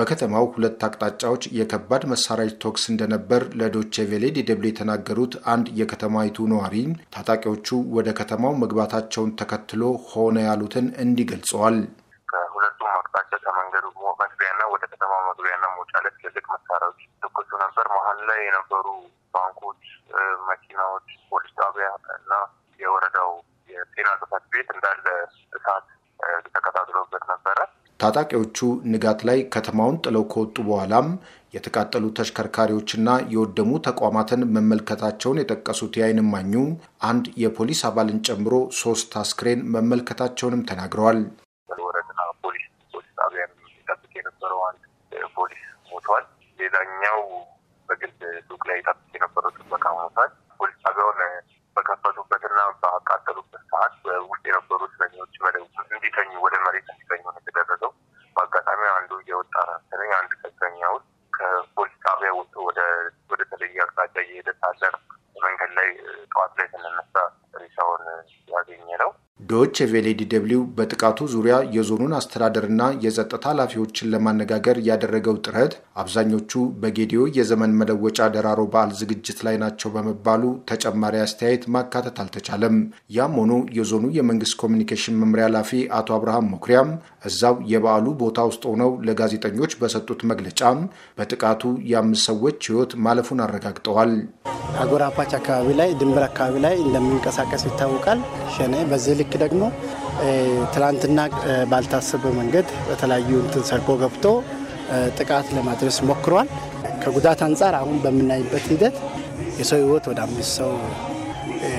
በከተማው ሁለት አቅጣጫዎች የከባድ መሳሪያ ተኩስ እንደነበር ለዶቼ ቬሌ የተናገሩት አንድ የከተማይቱ ነዋሪ ታጣቂዎቹ ወደ ከተማው መግባታቸውን ተከትሎ ሆነ ያሉትን እንዲህ ገልጸዋል። ከሁለቱም አቅጣጫ ከመንገዱ መግቢያና ወደ ከተማው መግቢያና መውጫ ላይ ትልልቅ መሳሪያዎች ተኩሱ ነበር። መሀል ላይ የነበሩ ባንኮች፣ መኪናዎች፣ ፖሊስ ጣቢያ እና የወረዳው የጤና ጽሕፈት ቤት እንዳለ እሳት ተቀጣጥሎ ታጣቂዎቹ ንጋት ላይ ከተማውን ጥለው ከወጡ በኋላም የተቃጠሉ ተሽከርካሪዎችና የወደሙ ተቋማትን መመልከታቸውን የጠቀሱት የዓይን እማኙ አንድ የፖሊስ አባልን ጨምሮ ሶስት አስክሬን መመልከታቸውንም ተናግረዋል። ወረዳ ፖሊስ ፖሊስ ጣቢያን የሚጠብቅ የነበረው አንድ ፖሊስ ሞቷል። ሌላኛው በግል ሱቅ ላይ የጠብቅ የነበረው ጥበቃ ሞቷል። ፖሊስ ጣቢያውን በከፈቱበትና በአቃጠሉበት ሰዓት ውጭ መሰለኝ አንድ ቀጥረኛ ውስጥ ከፖሊስ ጣቢያ ወጥቶ ወደ ወደ ተለየ አቅጣጫ እየሄደ ሳለ መንገድ ላይ ጠዋት ላይ ስንነሳ ሬሳውን ያገኘ ነው። ዶች ቬሌ ዲደብሊው በጥቃቱ ዙሪያ የዞኑን አስተዳደርና የጸጥታ ኃላፊዎችን ለማነጋገር ያደረገው ጥረት አብዛኞቹ በጌዲዮ የዘመን መለወጫ ደራሮ በዓል ዝግጅት ላይ ናቸው በመባሉ ተጨማሪ አስተያየት ማካተት አልተቻለም። ያም ሆኖ የዞኑ የመንግስት ኮሚኒኬሽን መምሪያ ኃላፊ አቶ አብርሃም ሞኩሪያም፣ እዛው የበዓሉ ቦታ ውስጥ ሆነው ለጋዜጠኞች በሰጡት መግለጫም በጥቃቱ የአምስት ሰዎች ሕይወት ማለፉን አረጋግጠዋል። አጎራባች አካባቢ ላይ ድንበር አካባቢ ላይ እንደሚንቀሳቀስ ይታወቃል። ሸኔ በዚህ ልክ ደግሞ ትላንትና ባልታሰበ መንገድ በተለያዩ እንትን ሰርጎ ገብቶ ጥቃት ለማድረስ ሞክሯል። ከጉዳት አንጻር አሁን በምናይበት ሂደት የሰው ህይወት ወደ አምስት ሰው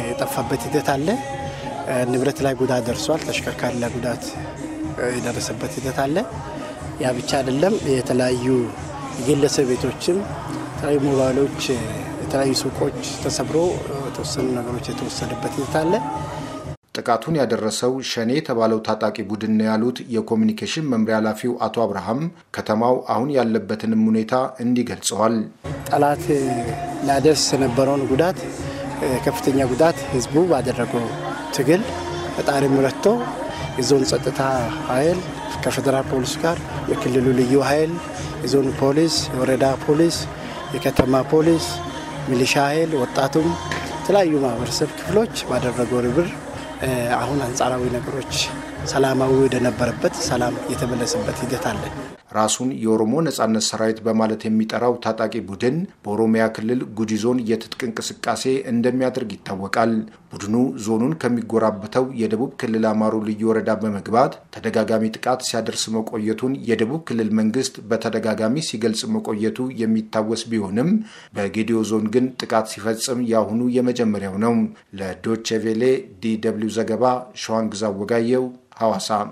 የጠፋበት ሂደት አለ። ንብረት ላይ ጉዳት ደርሷል። ተሽከርካሪ ላይ ጉዳት የደረሰበት ሂደት አለ። ያ ብቻ አይደለም። የተለያዩ የግለሰብ ቤቶችም፣ የተለያዩ ሞባይሎች፣ የተለያዩ ሱቆች ተሰብሮ የተወሰኑ ነገሮች የተወሰደበት ሂደት አለ። ጥቃቱን ያደረሰው ሸኔ የተባለው ታጣቂ ቡድን ነው ያሉት የኮሚኒኬሽን መምሪያ ኃላፊው አቶ አብርሃም ከተማው አሁን ያለበትንም ሁኔታ እንዲህ ገልጸዋል። ጠላት ላደርስ የነበረውን ጉዳት ከፍተኛ ጉዳት ህዝቡ ባደረገው ትግል ፈጣሪ ምረቶ የዞን ጸጥታ ኃይል ከፌዴራል ፖሊስ ጋር የክልሉ ልዩ ኃይል፣ የዞን ፖሊስ፣ የወረዳ ፖሊስ፣ የከተማ ፖሊስ፣ ሚሊሻ ኃይል፣ ወጣቱም የተለያዩ ማህበረሰብ ክፍሎች ባደረገው ርብር አሁን አንጻራዊ ነገሮች ሰላማዊ ወደነበረበት ሰላም የተመለሰበት ሂደት አለ። ራሱን የኦሮሞ ነጻነት ሰራዊት በማለት የሚጠራው ታጣቂ ቡድን በኦሮሚያ ክልል ጉጂ ዞን የትጥቅ እንቅስቃሴ እንደሚያደርግ ይታወቃል። ቡድኑ ዞኑን ከሚጎራበተው የደቡብ ክልል አማሮ ልዩ ወረዳ በመግባት ተደጋጋሚ ጥቃት ሲያደርስ መቆየቱን የደቡብ ክልል መንግስት በተደጋጋሚ ሲገልጽ መቆየቱ የሚታወስ ቢሆንም በጌዲዮ ዞን ግን ጥቃት ሲፈጽም ያሁኑ የመጀመሪያው ነው። ለዶቼ ቬሌ ዲ ደብልዩ ዘገባ ሸዋንግዛ ወጋየው hawa sa